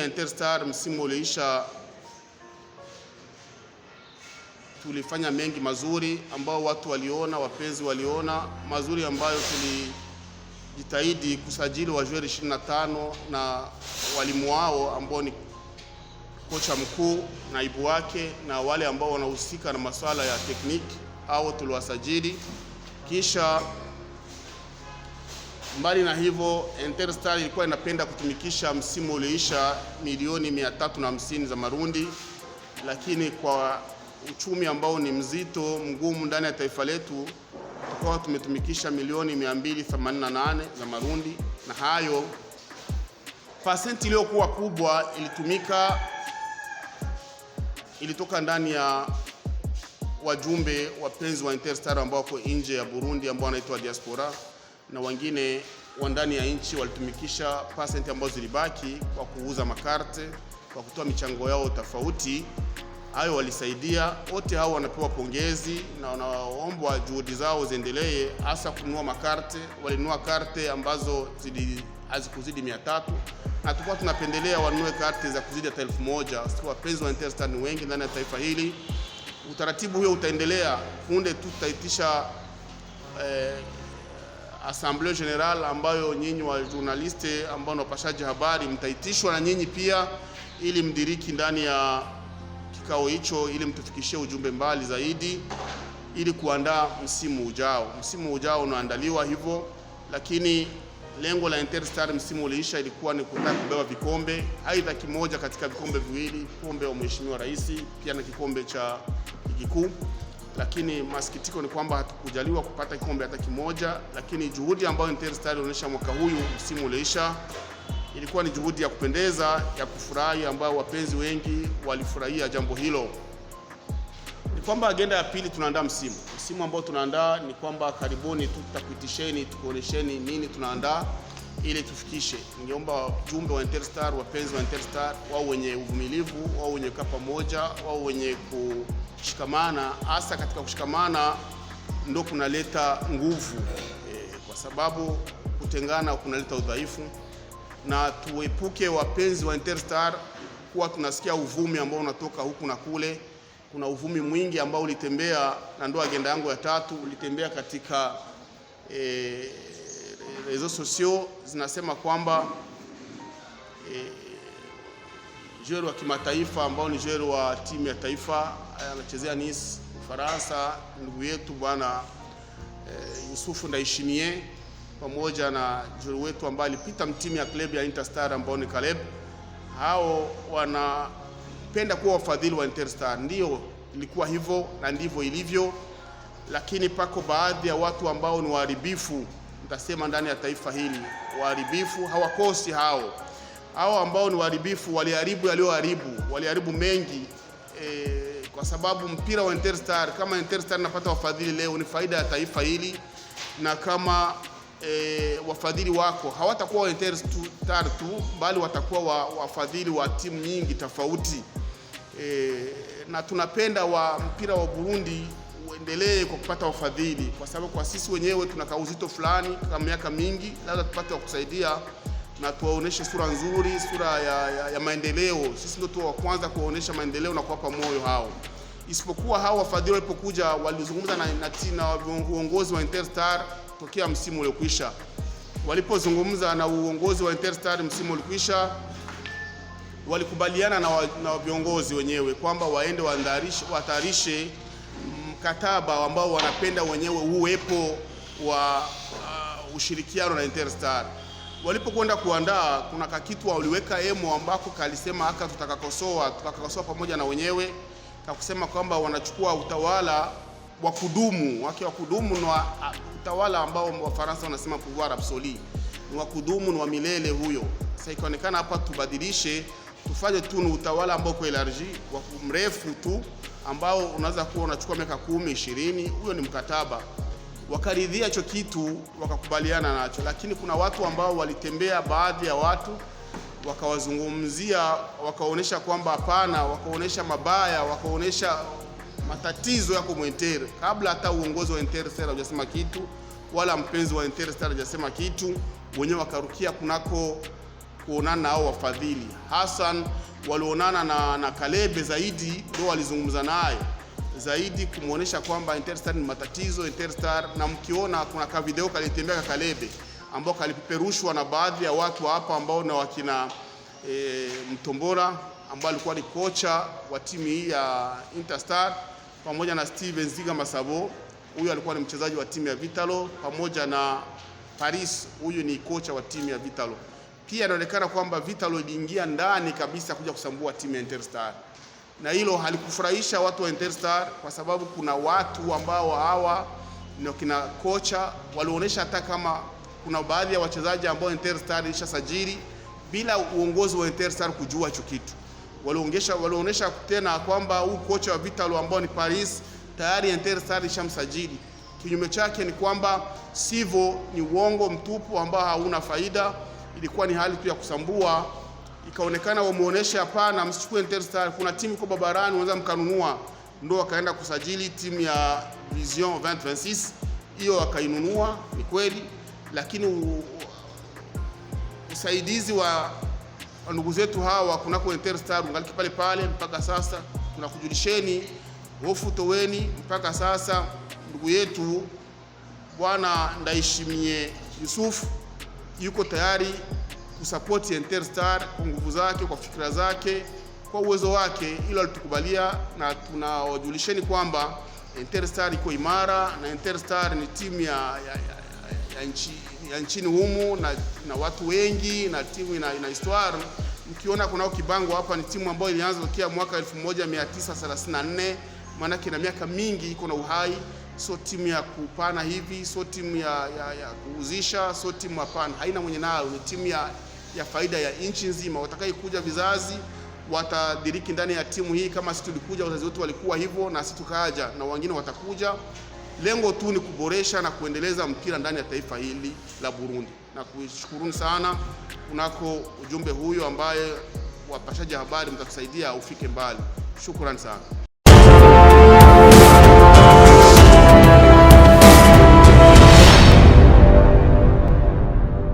ya Interstar msimu uliisha, tulifanya mengi mazuri ambao watu waliona, wapenzi waliona mazuri ambayo tulijitahidi kusajili wajweri 25 na walimu wao ambao ni kocha mkuu, naibu wake na wale ambao wanahusika na masuala ya tekniki, au tuliwasajili kisha Mbali na hivyo, Interstar ilikuwa inapenda kutumikisha msimu ulioisha milioni 350 za marundi, lakini kwa uchumi ambao ni mzito mgumu ndani ya taifa letu tukawa tumetumikisha milioni 288 za marundi, na hayo pasenti iliyokuwa kubwa ilitumika ilitoka ndani ya wajumbe wapenzi wa Interstar ambao wako nje ya Burundi ambao wanaitwa diaspora na wengine wa ndani ya nchi walitumikisha percent ambazo zilibaki kwa kuuza makarte, kwa kutoa michango yao tofauti. Hayo walisaidia. Wote hao wanapewa pongezi na wanaombwa juhudi zao ziendelee, hasa kununua makarte. Walinunua karte ambazo hazikuzidi mia tatu na tulikuwa tunapendelea wanunue karte za kuzidi hata elfu moja. Wapenzi wa Inter ni wengi ndani ya taifa hili. Utaratibu huo utaendelea punde tu tutaitisha eh, assemblea general ambayo nyinyi wa journaliste ambao ni wapashaji habari mtaitishwa na nyinyi pia, ili mdiriki ndani ya kikao hicho, ili mtufikishie ujumbe mbali zaidi, ili kuandaa msimu ujao. Msimu ujao unaandaliwa hivyo, lakini lengo la Interstar msimu uliisha ilikuwa ni kutaka kubeba vikombe, aidha kimoja katika vikombe viwili, kombe wa mheshimiwa rais, pia na kikombe cha kikuu lakini masikitiko ni kwamba hatukujaliwa kupata kikombe hata kimoja, lakini juhudi ambayo Inter Star ilionyesha mwaka huyu msimu uliisha ilikuwa ni juhudi ya kupendeza ya kufurahi, ambayo wapenzi wengi walifurahia jambo hilo. Ni kwamba agenda ya pili tunaandaa msimu. Msimu ambao tunaandaa ni kwamba karibuni tu tutakuitisheni tukuonesheni nini tunaandaa ili tufikishe. Ningeomba jumbe wa Inter Star, wapenzi wa Inter Star, wao wenye uvumilivu, wao wenye kaa pamoja, wao wenye ku kushikamana, hasa katika kushikamana ndo kunaleta nguvu e, kwa sababu kutengana kunaleta udhaifu, na tuepuke wapenzi wa Interstar kuwa tunasikia uvumi ambao unatoka huku na kule. Kuna uvumi mwingi ambao ulitembea, na ndo agenda yangu ya tatu, ulitembea katika e, reseaux sociaux zinasema kwamba e, jeuri wa kimataifa ambao ni jeuri wa timu ya taifa eh, anachezea Nice Ufaransa, ndugu yetu bwana e, Yusufu Ndaishimie pamoja na jeuri wetu ambaye alipita mtimu ya klabu ya Interstar ambao ni Caleb. Hao wanapenda kuwa wafadhili wa Interstar, ndio ilikuwa hivyo na ndivyo ilivyo, lakini pako baadhi ya watu ambao ni waharibifu, nitasema ndani ya taifa hili waharibifu hawakosi hao hao ambao ni waharibifu waliharibu yaliyoharibu, waliharibu mengi e, kwa sababu mpira wa Interstar kama Interstar napata wafadhili leo ni faida ya taifa hili, na kama e, wafadhili wako hawatakuwa wa Interstar tu, bali watakuwa wa, wafadhili wa timu nyingi tofauti e, na tunapenda wa mpira wa Burundi uendelee kwa kupata wafadhili, kwa sababu kwa sisi wenyewe tunakaa uzito fulani kama miaka mingi, labda tupate wa kusaidia na tuwaoneshe sura nzuri, sura ya, ya, ya maendeleo. Sisi ndio tu wa kwanza kuwaonesha maendeleo na kuwapa moyo hao, isipokuwa hao wafadhili walipokuja walizungumza na, na, na uongozi wa Interstar tokea msimu uliokwisha. Walipozungumza na uongozi wa Interstar msimu uliokwisha, walikubaliana na, wa, na viongozi wenyewe kwamba waende watayarishe mkataba ambao wanapenda wenyewe uwepo wa uh, ushirikiano na Interstar walipokwenda kuandaa kuna kakitu waliweka emo ambako kalisema haka tutakakosoa tutakakosoa pamoja na wenyewe kakusema kwamba wanachukua utawala wa kudumu wake wa kudumu na utawala ambao Wafaransa wanasema pouvoir absolu ni wa kudumu, ni wa milele huyo. Sasa ikaonekana hapa tubadilishe, tufanye tu ni utawala ambao kwa elargi wa mrefu tu ambao unaweza kuwa unachukua miaka kumi, ishirini. Huyo ni mkataba wakaridhia hicho kitu wakakubaliana nacho, lakini kuna watu ambao walitembea, baadhi ya watu wakawazungumzia, wakaonyesha kwamba hapana, wakaonyesha mabaya, wakaonyesha matatizo yako Mwentere kabla hata uongozi wa Inter hujasema kitu wala mpenzi wa Inter Stars hajasema kitu, wenyewe wakarukia kunako kuonana nao wafadhili. Hassan walionana na, na Kalebe zaidi ndio walizungumza naye zaidi kumuonesha kwamba Interstar ni matatizo Interstar, na mkiona kuna ka video kalitembea Kalebe ambao kalipeperushwa na baadhi ya watu hapa ambao na wakina e, Mtombora ambao alikuwa ni kocha wa timu hii ya Interstar pamoja na Steven Ziga Masabo, huyu alikuwa ni mchezaji wa timu ya Vitalo pamoja na Paris, huyu ni kocha wa timu ya Vitalo. Pia inaonekana kwamba Vitalo iliingia ndani kabisa kuja kusambua timu ya Interstar na hilo halikufurahisha watu wa Interstar kwa sababu kuna watu ambao hawa ndio kina kocha walionyesha hata kama kuna baadhi ya wachezaji ambao Interstar sajili bila uongozi wa Interstar kujua hicho kitu. Walionyesha walionyesha tena kwamba huu kocha wa Vitalo ambao ni Paris tayari Interstar ilishamsajili. Kinyume chake ni kwamba sivyo, ni uongo mtupu ambao hauna faida. Ilikuwa ni hali tu ya kusambua ikaonekana wamuoneshe, hapana, msichukue Interstar, kuna timu kubwa barani unaweza mkanunua. Ndo wakaenda kusajili timu ya Vision 2026 hiyo, wakainunua ni kweli, lakini usaidizi wa ndugu zetu hawa kunako Interstar ungaliki pale pale mpaka sasa. Tunakujulisheni hofu toweni, mpaka sasa ndugu yetu Bwana Ndaishimie Yusuf yuko tayari kusapoti Interstar kwa nguvu zake, kwa fikira zake, kwa uwezo wake, hilo alitukubalia, na tunawajulisheni kwamba Interstar iko imara na Interstar ni timu ya, ya, ya, ya, nchi, ya nchini humu na, na watu wengi na timu ina, ina histoire. Mkiona kunao kibango hapa, ni timu ambayo ilianza tokea mwaka 1934 maanake na miaka mingi iko na uhai. Sio timu ya kupana hivi, sio timu ya, ya, ya kuuzisha, sio timu hapana, haina mwenye nayo, ni timu ya ya faida ya nchi nzima. Watakayokuja vizazi watadiriki ndani ya timu hii, kama sisi tulikuja, wazazi wetu walikuwa hivyo na sisi tukaja na wengine watakuja. Lengo tu ni kuboresha na kuendeleza mpira ndani ya taifa hili la Burundi. Na kushukuruni sana kunako ujumbe huyo ambaye wapashaji habari mtatusaidia ufike mbali. Shukrani sana.